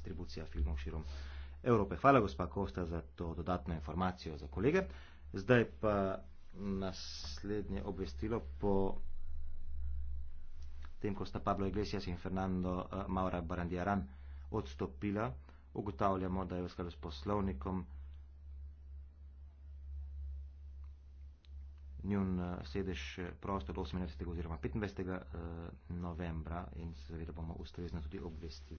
distribucija filmov širom Evrope. Hvala, gospa Kosta, za to dodatno informacijo za kolege. Zdaj pa naslednje obvestilo po tem, ko sta Pablo Iglesias in Fernando eh, Maura Barandiaran odstopila, ugotavljamo, da je v skladu s poslovnikom njun eh, sedež eh, prostor 18. oziroma 25. novembra in seveda bomo ustrezno tudi obvestili.